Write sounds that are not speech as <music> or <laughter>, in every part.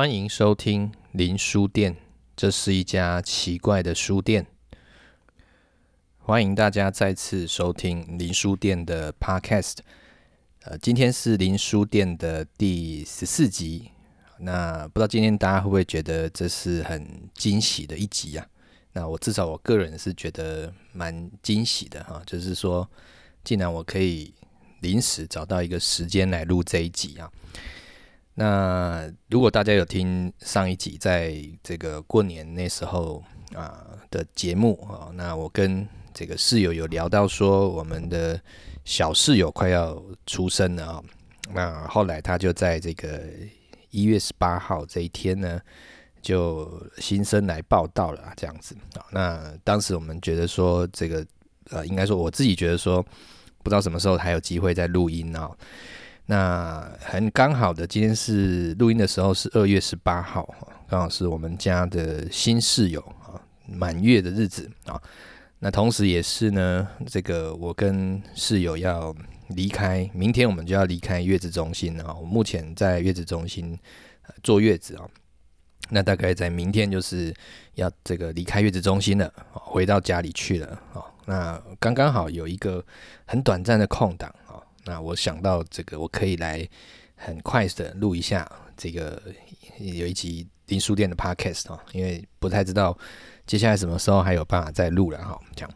歡迎收聽林書店，這是一家奇怪的書店。歡迎大家再次收聽林書店的 Podcast。呃，今天是林書店的第十四集。那不知道今天大家會不會覺得這是很驚喜的一集啊？那我至少我個人是覺得蠻驚喜的哈。就是說，竟然我可以臨時找到一個時間來錄這一集啊。那如果大家有聽上一集，在這個過年那時候啊的節目啊，那我跟這個室友有聊到說，我們的小室友快要出生了啊。那後來他就在這個一月十八號這一天呢，就新生來報到了啊，這樣子。那當時我們覺得說，這個呃，應該說我自己覺得說，不知道什麼時候還有機會再錄音啊。那很剛好的，今天是錄音的時候是二月十八號，剛好是我們家的新室友啊滿月的日子啊。那同時也是呢，這個我跟室友要離開，明天我們就要離開月子中心了啊。我目前在月子中心坐月子哦，那大概在明天就是要這個離開月子中心了，回到家裡去了哦，那剛剛好有一個很短暫的空檔。那我想到這個，我可以來很快的錄一下這個有一集林書店的 podcast 哦，因為不太知道接下來什麼時候還有辦法再錄了哈，這樣，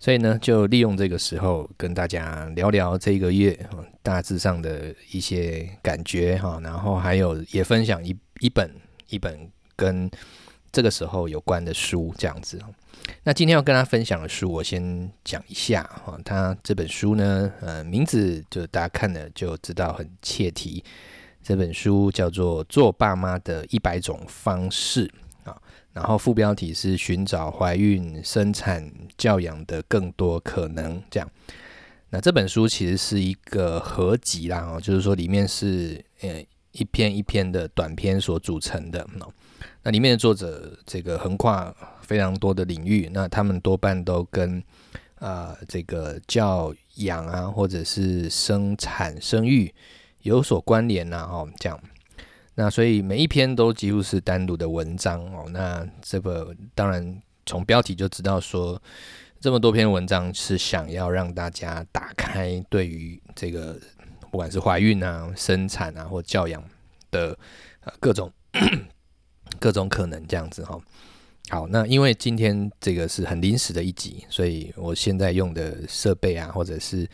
所以呢就利用這個時候跟大家聊聊這個月大致上的一些感覺哈，然後還有也分享一一本一本跟這個時候有關的書這樣子。那今天要跟大家分享的書，我先講一下啊。它這本書呢，呃，名字就大家看了就知道很切題。這本書叫做《做爸媽的一百種方式》啊，然後副標題是“尋找懷孕、生產、教養的更多可能”這樣。那這本書其實是一個合集啦，哦，就是說裡面是呃，一篇一篇的短篇所組成的。那裡面的作者這個橫跨。非常多的領域，那他們多半都跟啊、呃、這個教養啊，或者是生產生育有所關聯吶、啊，哦，這樣。那所以每一篇都幾乎是單獨的文章哦。那這個當然從標題就知道說，這麼多篇文章是想要讓大家打開對於這個不管是懷孕啊、生產啊或教養的、呃、各種 <coughs> 各種可能這樣子哈。哦好，那因為今天這個是很臨時的一集，所以我現在用的設備啊，或者是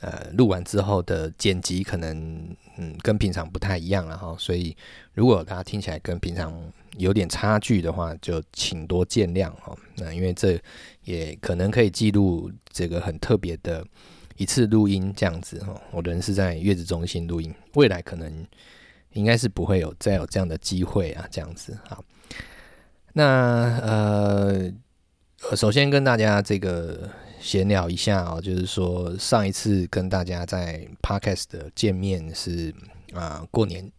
呃錄完之後的剪輯，可能嗯跟平常不太一樣了哈。所以如果大家聽起來跟平常有點差距的話，就請多見諒哈，那因為這也可能可以記錄這個很特別的一次錄音這樣子哈，我人是在月子中心錄音，未來可能應該是不會有再有這樣的機會啊，這樣子哈。好。那呃，首先跟大家這個閒聊一下哦、喔，就是說上一次跟大家在 Podcast 的見面是啊、呃，過年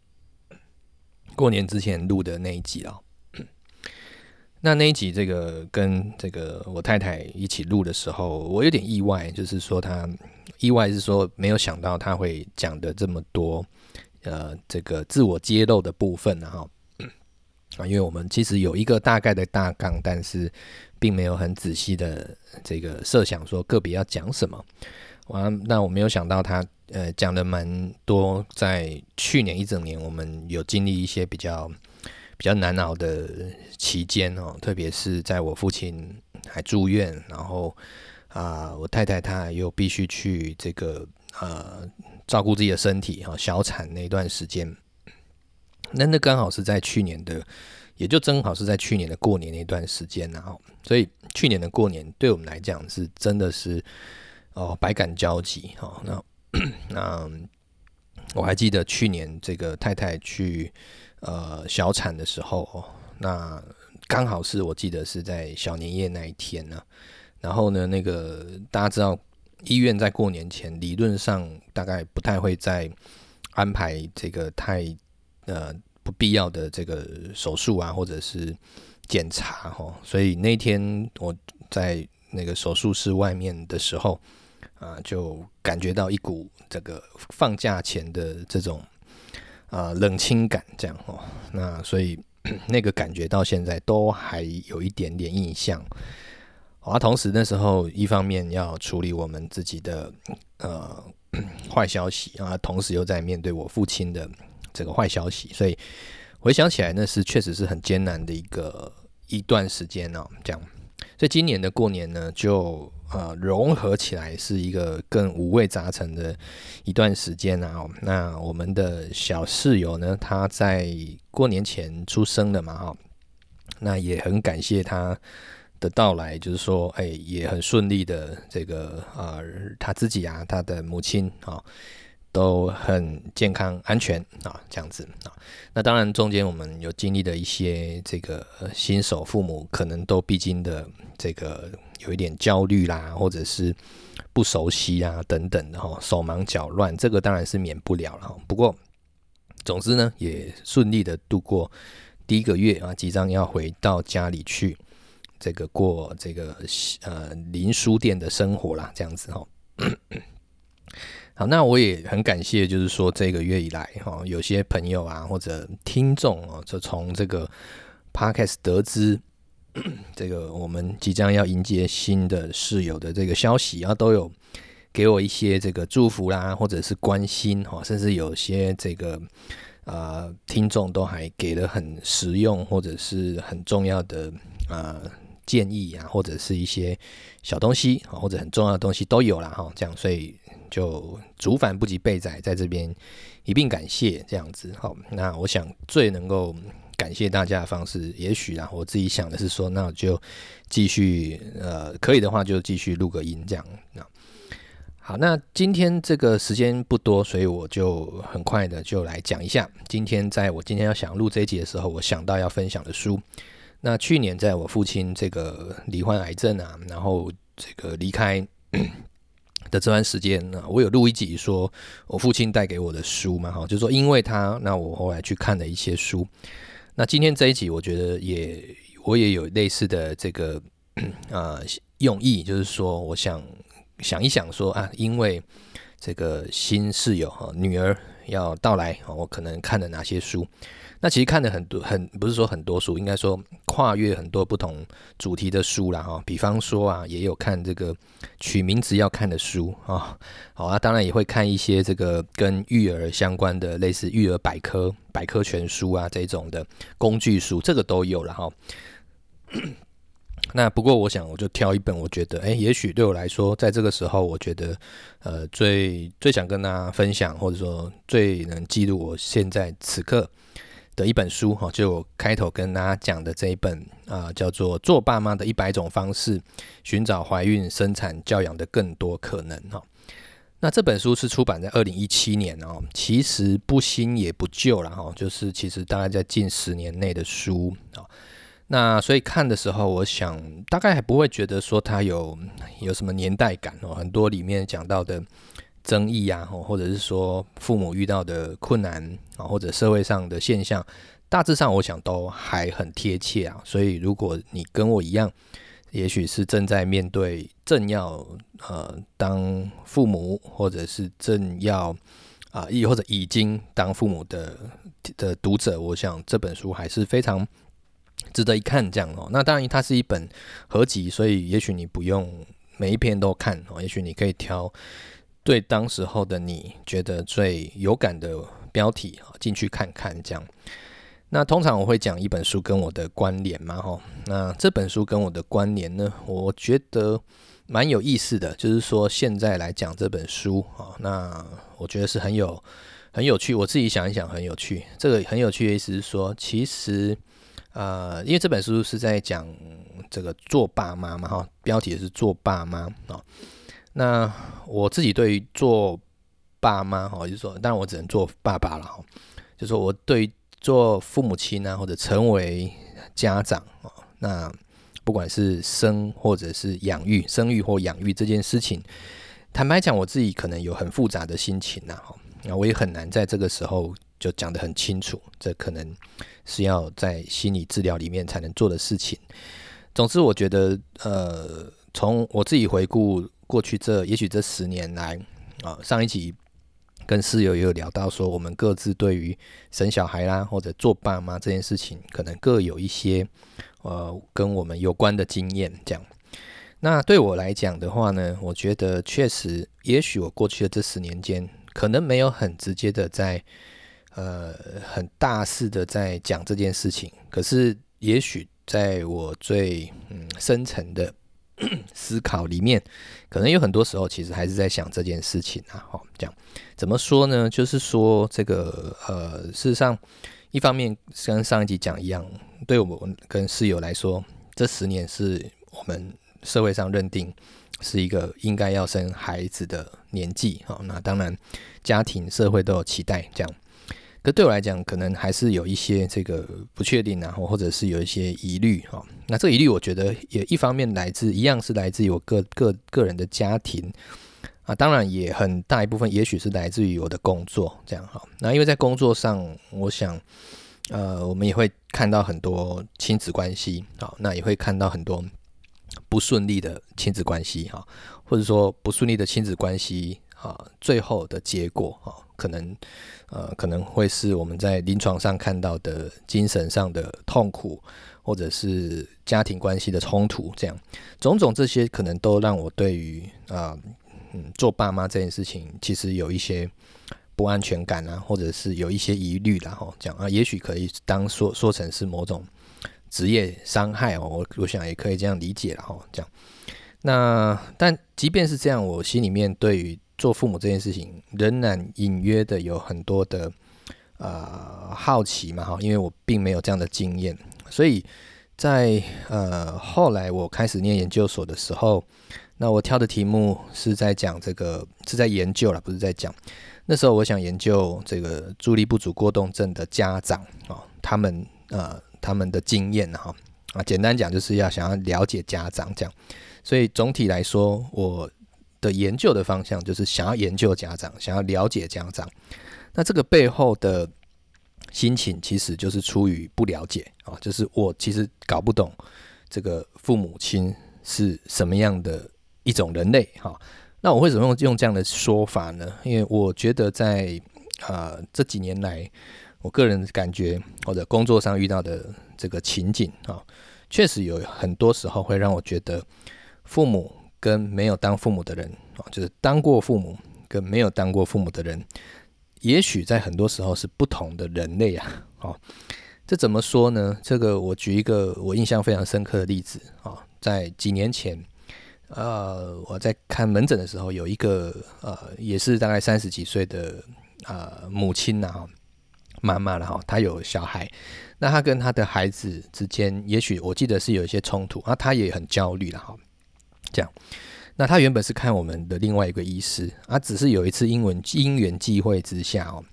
過年之前錄的那一集哦、喔。那那一集這個跟這個我太太一起錄的時候，我有點意外，就是說她意外是說沒有想到她會講的這麼多，呃，這個自我揭露的部分、喔，然後。啊，因為我們其實有一個大概的大綱，但是並沒有很仔細的這個設想說個別要講什麼。完、啊，那我沒有想到他呃講的蠻多。在去年一整年，我們有經歷一些比較比較難熬的期間哦，特別是在我父親還住院，然後啊、呃，我太太她又必須去這個呃照顧自己的身體哈、哦，小產那一段時間。那那剛好是在去年的，也就正好是在去年的過年那段時間，然後，所以去年的過年對我們來講是真的是，哦，百感交集哈、哦。那 <coughs> 那我還記得去年這個太太去呃小產的時候，那剛好是我記得是在小年夜那一天呢、啊。然後呢，那個大家知道醫院在過年前理論上大概不太會再安排這個太。呃，不必要的這個手術啊，或者是檢查哦，所以那天我在那個手術室外面的時候，啊、呃，就感覺到一股這個放假前的這種啊、呃、冷清感，這樣哦，那所以那個感覺到現在都還有一點點印象。啊，同時那時候一方面要處理我們自己的呃壞消息啊，同時又在面對我父親的。這個壞消息，所以回想起來，那是確實是很艱難的一個一段時間呢、哦。這樣，所以今年的過年呢，就呃融合起來是一個更五味雜陳的一段時間啊、哦。那我們的小室友呢，他在過年前出生的嘛、哦，哈，那也很感謝他的到來，就是說，哎，也很順利的這個呃他自己啊，他的母親啊。哦都很健康安全啊，這樣子啊，那當然中間我們有經歷的一些這個新手父母可能都必經的這個有一點焦慮啦，或者是不熟悉啊等等的哈，手忙腳亂，這個當然是免不了了。不過總之呢，也順利的度過第一個月啊，即將要回到家裡去，這個過這個呃臨書店的生活啦，這樣子哈、喔。 <coughs> 好，那我也很感謝，就是說這個月以來，哈，有些朋友啊或者聽眾啊，就從這個 Podcast 得知這個我們即將要迎接新的室友的這個消息，然後、啊、都有給我一些這個祝福啦，或者是關心哈，甚至有些這個啊、呃、聽眾都還給了很實用或者是很重要的啊、呃、建議啊，或者是一些小東西啊，或者很重要的東西都有啦，哈，這樣所以。就族繁不及備載，在這邊一併感謝這樣子。好，那我想最能夠感謝大家的方式，也許啊，我自己想的是說，那我就繼續，呃，可以的話就繼續錄個音這樣。那好，那今天這個時間不多，所以我就很快的就來講一下，今天在我今天要想錄這一集的時候，我想到要分享的書。那去年在我父親這個罹患癌症啊，然後這個離開。 <coughs> 的這段時間呢，我有錄一集，說我父親帶給我的書嘛，哈，就是說，因為他，那我後來去看了一些書。那今天這一集，我覺得也我也有類似的這個啊、呃、用意，就是說，我想想一想說，說啊，因為這個新室友哈，女兒要到來，我可能看了哪些書。那其實看了很多，很不是說很多書，應該說跨越很多不同主題的書了哈、喔。比方說啊，也有看這個取名字要看的書啊、喔。好啊，當然也會看一些這個跟育兒相關的，類似育兒百科、百科全書啊這種的工具書，這個都有了哈、喔。 <coughs> 那不過我想，我就挑一本，我覺得哎、欸，也許對我來說，在這個時候，我覺得呃最最想跟大家分享，或者說最能記錄我現在此刻，的一本書哈，就我開頭跟大家講的這一本啊、呃，叫做《做爸媽的一百種方式：尋找懷孕、生產、教養的更多可能》哈。那這本書是出版在二零一七年哦，其實不新也不舊了哈，就是其實大概在近十年內的書。那所以看的時候，我想大概還不會覺得說它有有什麼年代感哦，很多裡面講到的爭議呀、啊，或者是說父母遇到的困難，或者社會上的現象，大致上我想都還很貼切啊。所以，如果你跟我一樣，也許是正在面對，正要呃當父母，或者是正要啊、呃，亦或者已經當父母的的讀者，我想這本書還是非常值得一看這樣哦。那當然它是一本合集，所以也許你不用每一篇都看，也許你可以挑。對當時候的你覺得最有感的標題啊，進去看看這樣。那通常我會講一本書跟我的關聯嘛，哈。那這本書跟我的關聯呢，我覺得蠻有意思的。就是說現在來講這本書啊，那我覺得是很有很有趣。我自己想一想，很有趣。這個很有趣的意思是說，其實啊、呃，因為這本書是在講這個做爸媽嘛，哈。標題是做爸媽啊。那我自己對於做爸媽哦，就是說，當然我只能做爸爸了哈。就是說，我對於做父母親啊，或者成為家長哦，那不管是生或者是養育、生育或養育這件事情，坦白講，我自己可能有很複雜的心情吶、啊、哈。那我也很難在這個時候就講得很清楚，這可能是要在心理治療裡面才能做的事情。總之，我覺得呃，從我自己回顧。過去這也許這十年來啊，上一集跟室友也有聊到說，我們各自對於生小孩啦或者做爸媽這件事情，可能各有一些呃跟我們有關的經驗。這樣，那對我來講的話呢，我覺得確實，也許我過去的這十年間，可能沒有很直接的在呃很大肆的在講這件事情，可是也許在我最嗯深層的 <coughs> 思考裡面，可能有很多時候其實還是在想這件事情啊。哈，這樣怎麼說呢？就是說這個呃，事實上，一方面跟上一集講一樣，對我們跟室友來說，這十年是我們社會上認定是一個應該要生孩子的年紀。哈，那當然，家庭社會都有期待這樣。可對我來講，可能還是有一些這個不確定然後、啊、或或者是有一些疑慮哈，那這疑慮，我覺得也一方面來自一樣是來自於我個個個人的家庭啊，當然也很大一部分，也許是來自於我的工作這樣哈。那因為在工作上，我想，呃，我們也會看到很多親子關係啊，那也會看到很多不順利的親子關係哈，或者說不順利的親子關係啊，最後的結果可能，呃，可能會是我們在臨床上看到的精神上的痛苦，或者是家庭關係的衝突，這樣種種這些可能都讓我對於啊、呃，嗯，做爸媽這件事情，其實有一些不安全感啊，或者是有一些疑慮的哈。講、喔、啊，也許可以當說說成是某種職業傷害哦、喔，我我想也可以這樣理解了哈。喔、這樣。那但即便是這樣，我心裡面對於。做父母這件事情，仍然隱約的有很多的呃好奇嘛哈，因為我並沒有這樣的經驗，所以在呃後來我開始唸研究所的時候，那我挑的題目是在講這個，是在研究了，不是在講。那時候我想研究這個注意力不足過動症的家長啊、哦，他們呃他們的經驗哈啊、哦，簡單講就是要想要了解家長這樣，所以總體來說我。的研究的方向就是想要研究家長，想要了解家長。那這個背後的心情，其實就是出於不了解啊，就是我其實搞不懂這個父母親是什麼樣的一種人類哈。那我為什麼用用這樣的說法呢？因為我覺得在啊、呃、這幾年來，我個人的感覺或者工作上遇到的這個情景啊，確實有很多時候會讓我覺得父母。跟沒有當父母的人，就是當過父母跟沒有當過父母的人，也許在很多時候是不同的人類啊。哦，這怎麼說呢？這個我舉一個我印象非常深刻的例子啊，哦，在幾年前，呃，我在看門診的時候，有一個呃，也是大概三十幾歲的呃母親吶，媽媽了哈，她有小孩，那她跟她的孩子之間，也許我記得是有一些衝突，啊，她也很焦慮了哈。講，那他原本是看我們的另外一個醫師啊，只是有一次英文因緣際會之下哦，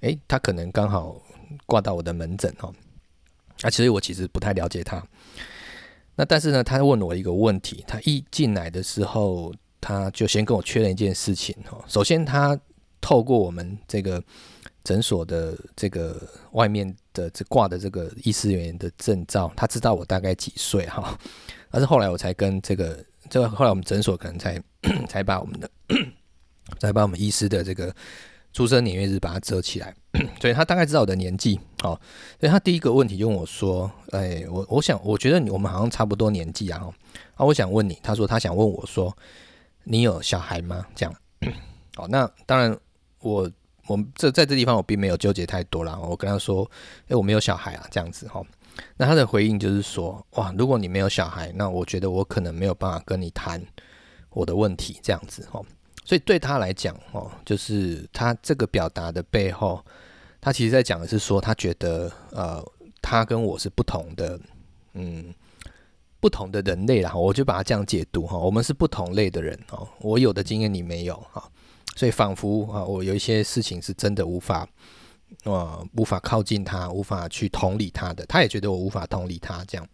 誒、欸，他可能剛好掛到我的門診哦，那其實我其實不太了解他，那但是呢，他問我一個問題，他一進來的時候，他就先跟我確認一件事情哦，首先他透過我們這個診所的這個外面的這掛的這個醫師人員的證照，他知道我大概幾歲哈，但是後來我才跟這個。這個後來我們診所可能才咳咳才把我們的咳咳，才把我們醫師的這個出生年月日把它遮起來咳咳，所以他大概知道我的年紀。哦，所以他第一個問題就問我說：“哎，我我想我覺得我們好像差不多年紀啊。”哈，我想問你，他說他想問我說：“你有小孩嗎？”這樣，咳咳哦，那當然我我們這在這地方我並沒有糾結太多啦，我跟他說：“哎，我沒有小孩啊。”這樣子哈。哦那他的回應就是說，哇，如果你沒有小孩，那我覺得我可能沒有辦法跟你談我的問題，這樣子吼。所以對他來講，哦，就是他這個表達的背後，他其實在講的是說，他覺得呃，他跟我是不同的，嗯，不同的人類啦。我就把它這樣解讀哈，我們是不同類的人哦。我有的經驗你沒有哈，所以仿佛啊，我有一些事情是真的無法。呃、哦，無法靠近他，無法去同理他的，他也覺得我無法同理他，這樣，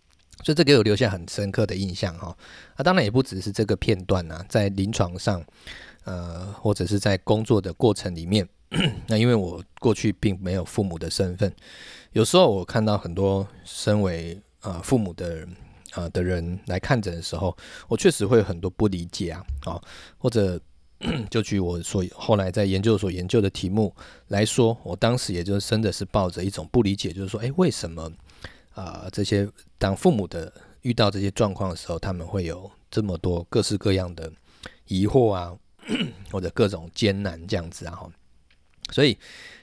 <coughs> 所以這給我留下很深刻的印象哈、哦。啊，當然也不只是這個片段吶、啊，在臨床上，呃，或者是在工作的過程裡面， <coughs> 那因為我過去並沒有父母的身份，有時候我看到很多身為啊、呃、父母的啊、呃、的人來看診的時候，我確實會有很多不理解啊，啊、哦、或者。 <coughs> 就據我所後來在研究所研究的題目來說，我當時也就真的是抱着一種不理解，就是說，哎，為什麼啊、呃？這些當父母的遇到這些狀況的時候，他們會有這麼多各式各樣的疑惑啊，或者各種艱難這樣子啊？所以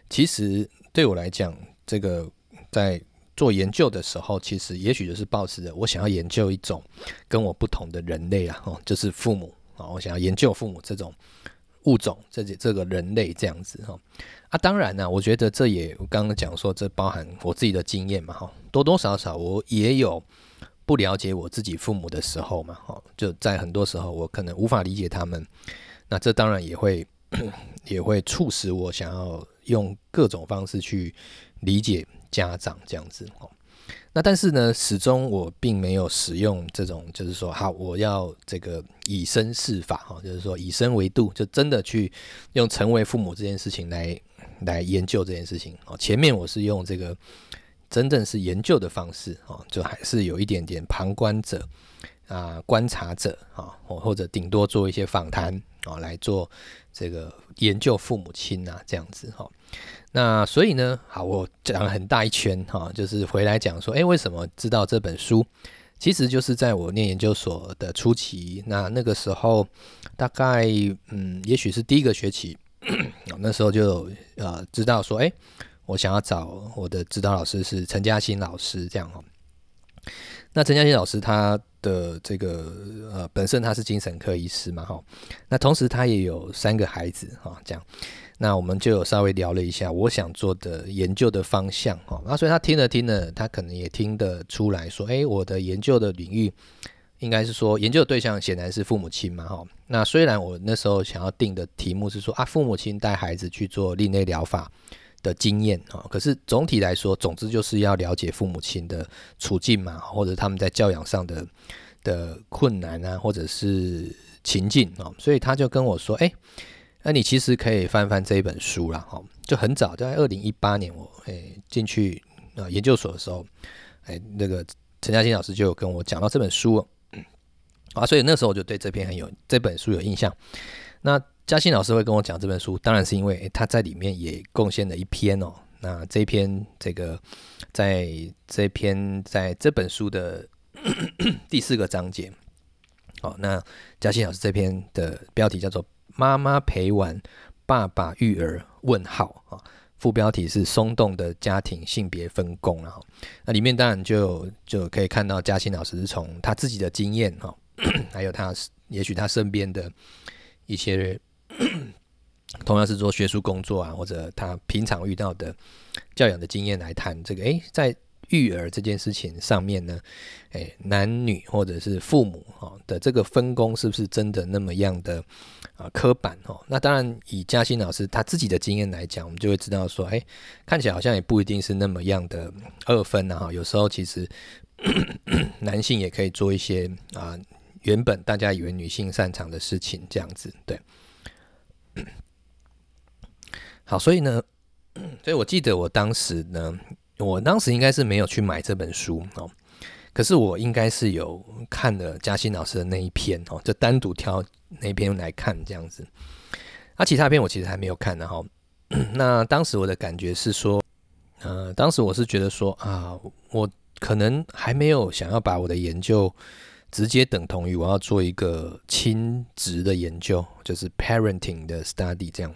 其實對我來講，這個在做研究的時候，其實也許就是抱持著我想要研究一種跟我不同的人類啊，就是父母。啊，我想要研究父母這種物種，這這這個人類這樣子哈啊，當然呢、啊，我覺得這也我剛剛講說，這包含我自己的經驗嘛哈，多多少少我也有不了解我自己父母的時候嘛哈，就在很多時候我可能無法理解他們，那這當然也會也會促使我想要用各種方式去理解家長這樣子那但是呢，始終我並沒有使用這種，就是說，好，我要這個以身試法哈，就是說以身為度，就真的去用成為父母這件事情來來研究這件事情哦。前面我是用這個真正是研究的方式哦，就還是有一點點旁觀者啊、呃、觀察者啊，或者頂多做一些訪談啊，來做這個研究父母親啊這樣子哈。那所以呢，好，我講了很大一圈哈、哦，就是回來講說，哎、欸，為什麼知道這本書？其實就是在我念研究所的初期，那那個時候大概嗯，也許是第一個學期，咳咳哦、那時候就呃知道說，哎、欸，我想要找我的指導老師是陳嘉新老師，這樣哈、哦。那陳嘉新老師他的這個呃，本身他是精神科醫師嘛哈、哦，那同時他也有三個孩子哈、哦、這樣。那我們就有稍微聊了一下，我想做的研究的方向哈，那所以他聽了聽了，他可能也聽得出來說：“誒，我的研究的領域應該是說，研究的對象顯然是父母親嘛，哈。那雖然我那時候想要定的題目是說啊，父母親帶孩子去做另類療法的經驗哈、哦，可是總體來說，總之就是要了解父母親的處境嘛，或者他們在教養上的的困難啊，或者是情境啊、哦。所以他就跟我說：誒。那、啊、你其實可以翻翻這一本書啦，吼，就很早就在二零一八年我誒進、欸、去呃研究所的時候，誒、欸、那個陳嘉欣老師就跟我講到這本書，啊，所以那時候我就對這篇很有這本書有印象。那嘉欣老師會跟我講這本書，當然是因為他、欸、在裡面也貢獻了一篇哦、喔。那這一篇這個在這篇在這本書的 <coughs> 第四個章節，哦，那嘉欣老師這篇的標題叫做。媽媽陪玩，爸爸育兒？問號啊！副標題是鬆動的家庭性別分工啊，那裡面當然就就可以看到嘉欣老師是從他自己的經驗哈，還有他也許他身邊的一些同樣是做學術工作啊，或者他平常遇到的教養的經驗來談這個。誒，在育兒這件事情上面呢，誒，男女或者是父母哈的這個分工是不是真的那麼樣的？刻板哦，那當然以嘉興老師他自己的經驗來講，我們就會知道說，哎、欸，看起來好像也不一定是那麼樣的二分啊，哈。有時候其實咳咳咳男性也可以做一些啊、呃，原本大家以為女性擅長的事情，這樣子對。好，所以呢，所以我記得我當時呢，我當時應該是沒有去買這本書哦，可是我應該是有看了嘉興老師的那一篇哦，就單獨挑。那篇來看這樣子，啊，其他篇我其實還沒有看的、啊、哈。 <coughs> 那當時我的感覺是說，呃，當時我是覺得說啊，我可能還沒有想要把我的研究直接等同於我要做一個親職的研究，就是 parenting 的 study 這樣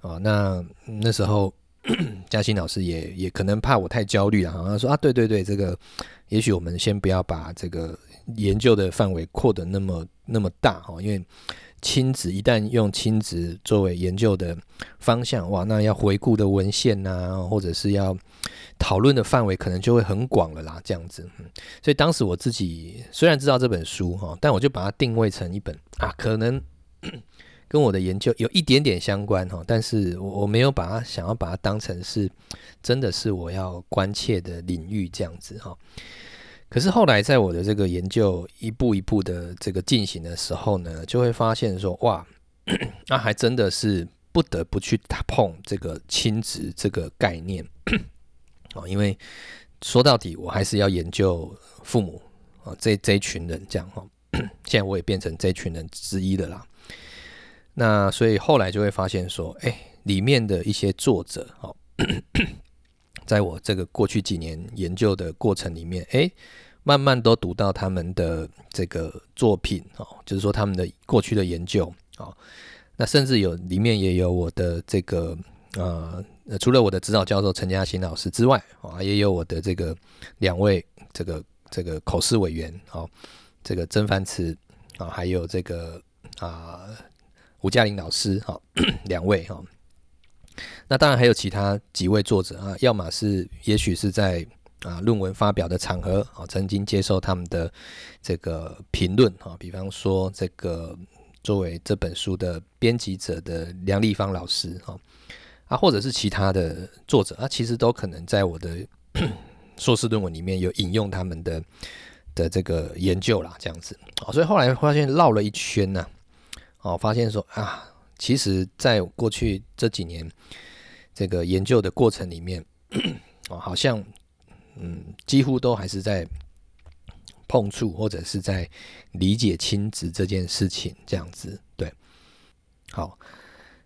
啊。那那時候嘉 <coughs> 欣老師也也可能怕我太焦慮了，好像說啊，對對對，這個也許我們先不要把這個。研究的範圍擴得那麼那麼大哈，因為親子一旦用親子作為研究的方向，哇，那要回顧的文獻吶、啊，或者是要討論的範圍，可能就會很廣了啦。這樣子，所以當時我自己雖然知道這本書哈，但我就把它定位成一本啊，可能跟我的研究有一點點相關哈，但是我我沒有把它想要把它當成是真的是我要關切的領域這樣子哈。可是後來，在我的這個研究一步一步的這個進行的時候呢，就會發現說，哇，那、啊、還真的是不得不去打碰這個親職這個概念啊、 <coughs> 哦，因為說到底，我還是要研究父母啊、哦、這一這一群人這樣哈、哦，現在我也變成這一群人之一的啦。那所以後來就會發現說，哎、欸，裡面的一些作者哦。 <coughs> 在我這個過去幾年研究的過程裡面，哎，慢慢都讀到他們的這個作品哦，就是說他們的過去的研究哦，那甚至有裡面也有我的這個呃，除了我的指導教授陳嘉新老師之外啊、哦，也有我的這個兩位這個這個口試委員哦，這個曾凡慈啊，還有這個啊、呃、吳嘉玲老師哈、哦， <coughs> 兩位哈。哦那當然還有其他幾位作者啊，要麼是也許是在啊論文發表的場合啊、哦，曾經接受他們的這個評論哈，比方說這個作為這本書的編輯者的梁麗芳老師啊、哦、啊，或者是其他的作者啊，其實都可能在我的 <coughs> 碩士論文裡面有引用他們的的這個研究啦，這樣子啊、哦，所以後來發現繞了一圈呢、啊，哦，發現說啊。其實，在過去這幾年，這個研究的過程裡面，哦，好像嗯，幾乎都還是在碰觸或者是在理解親子這件事情這樣子。對，好，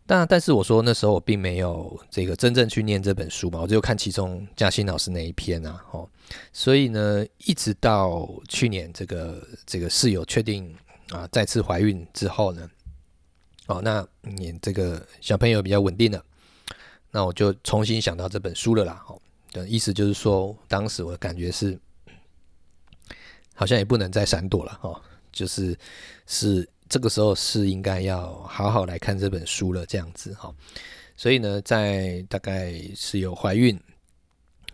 那但是我說那時候我並沒有這個真正去念這本書嘛，我就看其中嘉欣老師那一篇啊，哦，所以呢，一直到去年這個這個室友確定啊再次懷孕之後呢。哦，那你這個小朋友比較穩定了，那我就重新想到這本書了啦。哦，的意思就是說，當時我感覺是，好像也不能再閃躲了哦，就是是這個時候是應該要好好來看這本書了，這樣子哈、哦。所以呢，在大概是有懷孕、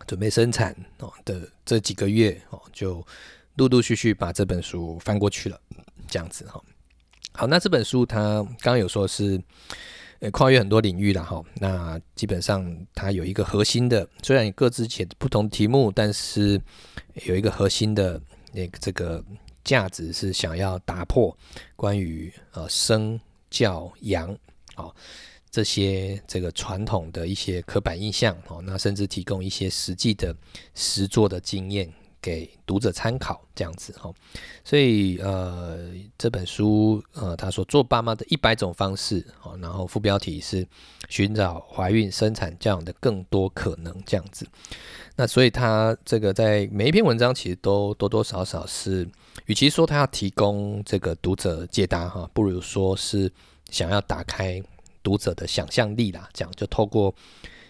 準備生產哦的這幾個月哦，就陸陸續續把這本書翻過去了，這樣子哈。哦好，那這本書它剛剛有說是，呃，跨越很多領域了哈。那基本上它有一個核心的，雖然各自寫不同題目，但是有一個核心的那個這個價值是想要打破關於呃生、教、養啊，這些這個傳統的一些刻板印象啊，那甚至提供一些實際的實作的經驗。給讀者參考這樣子哈，所以呃這本書呃他說，做爸媽的一百種方式，然後副標題是尋找懷孕生產教養的更多可能這樣子，那所以他這個在每一篇文章其實都多多少少是，與其說他要提供這個讀者解答哈，不如說是想要打開讀者的想象力啦，這樣就透過。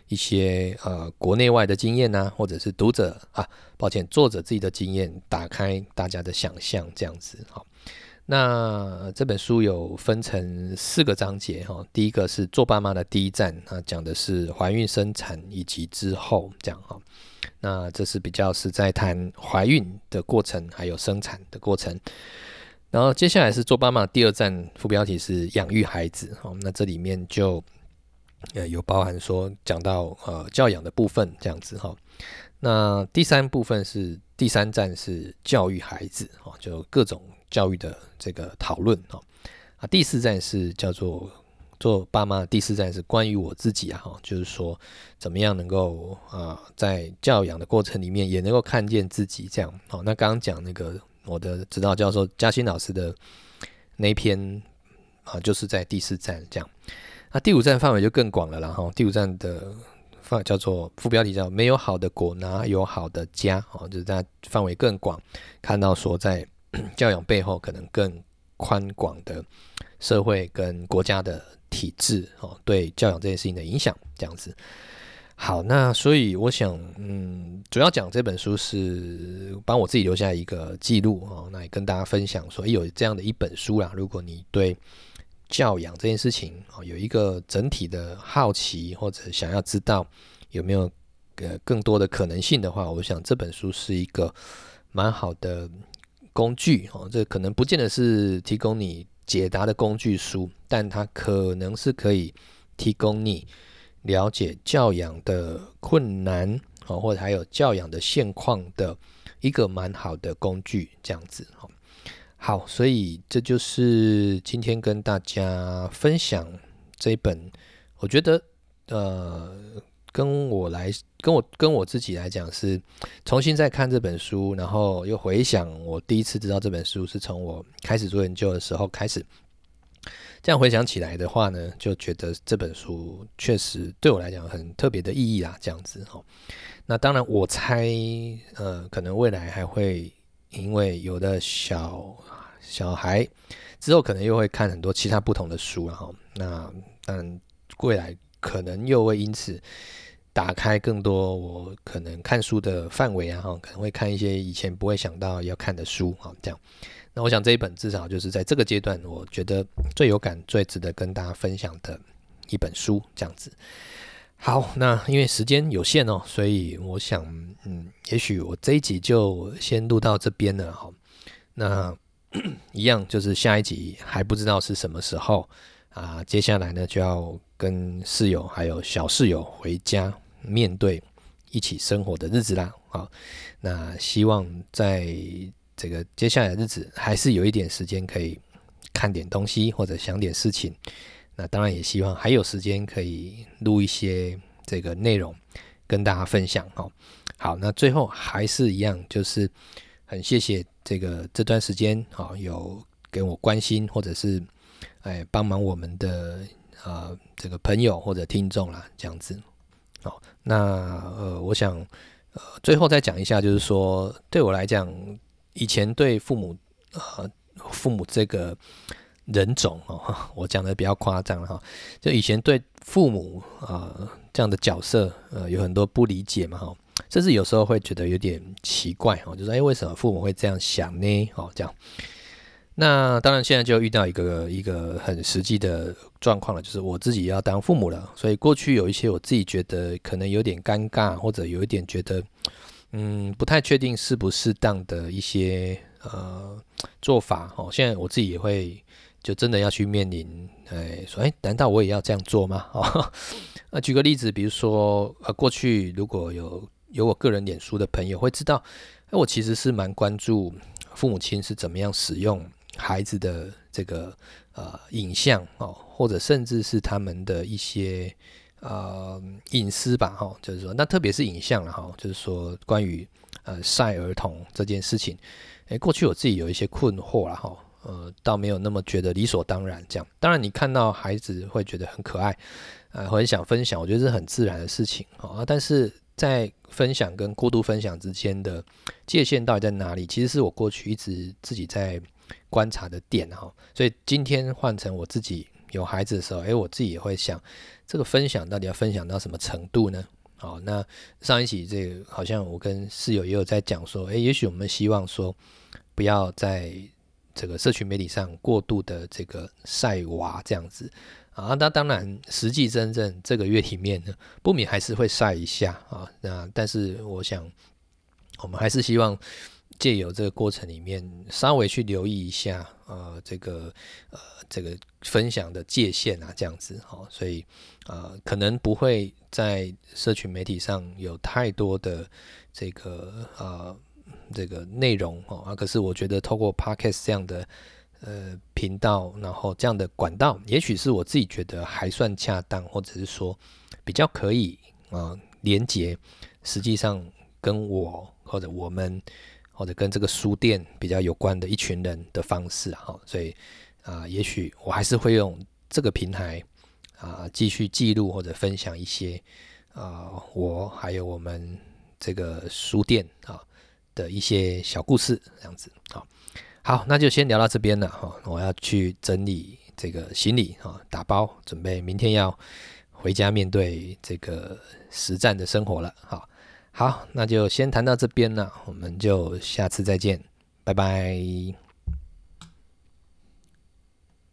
一些呃國內外的經驗吶、啊，或者是讀者啊，抱歉，作者自己的經驗，打開大家的想象這樣子哈、哦。那這本書有分成四個章節哈、哦，第一個是做爸媽的第一站，那講的是懷孕、生產以及之後這樣哈、哦。那這是比較是在談懷孕的過程，還有生產的過程。然後接下來是做爸媽第二站，副標題是養育孩子哦。那這裡面就。呃，有包含說講到呃教養的部分這樣子哈，那第三部分是第三站是教育孩子哈，就各種教育的這個討論哈啊，第四站是叫做做爸媽，第四站是關於我自己啊，就是說怎麼樣能夠啊在教養的過程裡面也能夠看見自己這樣，好，那剛剛講那個我的指導教授嘉欣老師的那一篇啊，就是在第四站這樣。那第五站範圍就更廣了啦，然後第五站的範叫做副標題叫“沒有好的國，哪有好的家”哦，就是大家範圍更廣，看到說在教養背後可能更寬廣的社會跟國家的體制哦，對教養這件事情的影響這樣子。好，那所以我想，嗯，主要講這本書是幫我自己留下一個記錄哦，那也跟大家分享說有這樣的一本書啦，如果你對，教養這件事情，有一個整體的好奇，或者想要知道有沒有更多的可能性的話，我想這本書是一個蠻好的工具，這可能不見得是提供你解答的工具書，但它可能是可以提供你了解教養的困難，或者還有教養的現況的一個蠻好的工具，這樣子。好，所以這就是今天跟大家分享這一本。我覺得，呃，跟我來，跟我跟我自己來講是重新再看這本書，然後又回想我第一次知道這本書是從我開始做研究的時候開始。這樣回想起來的話呢，就覺得這本書確實對我來講很特別的意義啦。這樣子，那當然我猜，呃，可能未來還會因為有的小。小孩之後可能又會看很多其他不同的書啊，哈，那嗯，但未來可能又會因此打開更多我可能看書的範圍啊，哈，可能會看一些以前不會想到要看的書啊，這樣。那我想這一本至少就是在這個階段，我覺得最有感、最值得跟大家分享的一本書，這樣子。好，那因為時間有限哦，所以我想，嗯，也許我這一集就先錄到這邊了，哈，那。一樣，就是下一集還不知道是什麼時候啊。接下來呢，就要跟室友還有小室友回家，面對一起生活的日子啦。啊，那希望在這個接下來的日子，還是有一點時間可以看點東西或者想點事情。那當然也希望還有時間可以錄一些這個內容跟大家分享哦，好，好，那最後還是一樣，就是。很謝謝這個這段時間，好有給我關心或者是哎幫忙我們的啊、呃、這個朋友或者聽眾啦，這樣子，好、哦、那呃我想呃最後再講一下，就是說對我來講，以前對父母啊、呃、父母這個人種哦，我講的比較誇張了哈、哦，就以前對父母啊、呃、這樣的角色，呃有很多不理解嘛哈。哦甚至有時候會覺得有點奇怪哦，就是、說哎，為什麼父母會這樣想呢？哦，這樣。那當然，現在就遇到一個一個很實際的狀況了，就是我自己要當父母了。所以過去有一些我自己覺得可能有點尷尬，或者有一點覺得嗯不太確定適不適當的一些呃做法哦。現在我自己也會就真的要去面臨，哎，說哎，難道我也要這樣做嗎？哦， <laughs> 那舉個例子，比如說呃、啊，過去如果有。有我個人臉書的朋友會知道，欸、我其實是蠻關注父母親是怎麼樣使用孩子的這個呃影像哦，或者甚至是他們的一些呃隱私吧，哈、哦，就是說，那特別是影像了哈、哦，就是說關於呃曬兒童這件事情，哎，過去我自己有一些困惑了哈、哦，呃，倒沒有那麼覺得理所當然這樣。當然，你看到孩子會覺得很可愛，呃，很想分享，我覺得是很自然的事情哈、哦，但是。在分享跟過度分享之間的界限到底在哪裡？其實是我過去一直自己在觀察的點哈。所以今天換成我自己有孩子的時候，欸，我自己也會想，這個分享到底要分享到什麼程度呢？好，那上一期這個好像我跟室友也有在講說，欸，也許我們希望說，不要在這個社群媒體上過度的這個曬娃這樣子。啊，那當然，實際真正這個月裡面呢，不免還是會曬一下啊。那但是，我想我們還是希望借由這個過程裡面，稍微去留意一下啊、呃，這個呃，這個分享的界限啊，這樣子。好、啊，所以呃、啊、可能不會在社群媒體上有太多的這個呃、啊、這個內容哦啊。可是，我覺得透過 Podcast 這樣的。呃，頻道，然後這樣的管道，也許是我自己覺得還算恰當，或者是說比較可以啊，連接實際上跟我或者我們或者跟這個書店比較有關的一群人的方式，哈，所以啊，也許我還是會用這個平台啊，繼續記錄或者分享一些啊，我還有我們這個書店啊的一些小故事，這樣子，啊。好，那就先聊到這邊了哈。我要去整理這個行李啊，打包準備明天要回家面對這個實戰的生活了。好，好，那就先談到這邊了，我們就下次再見，拜拜。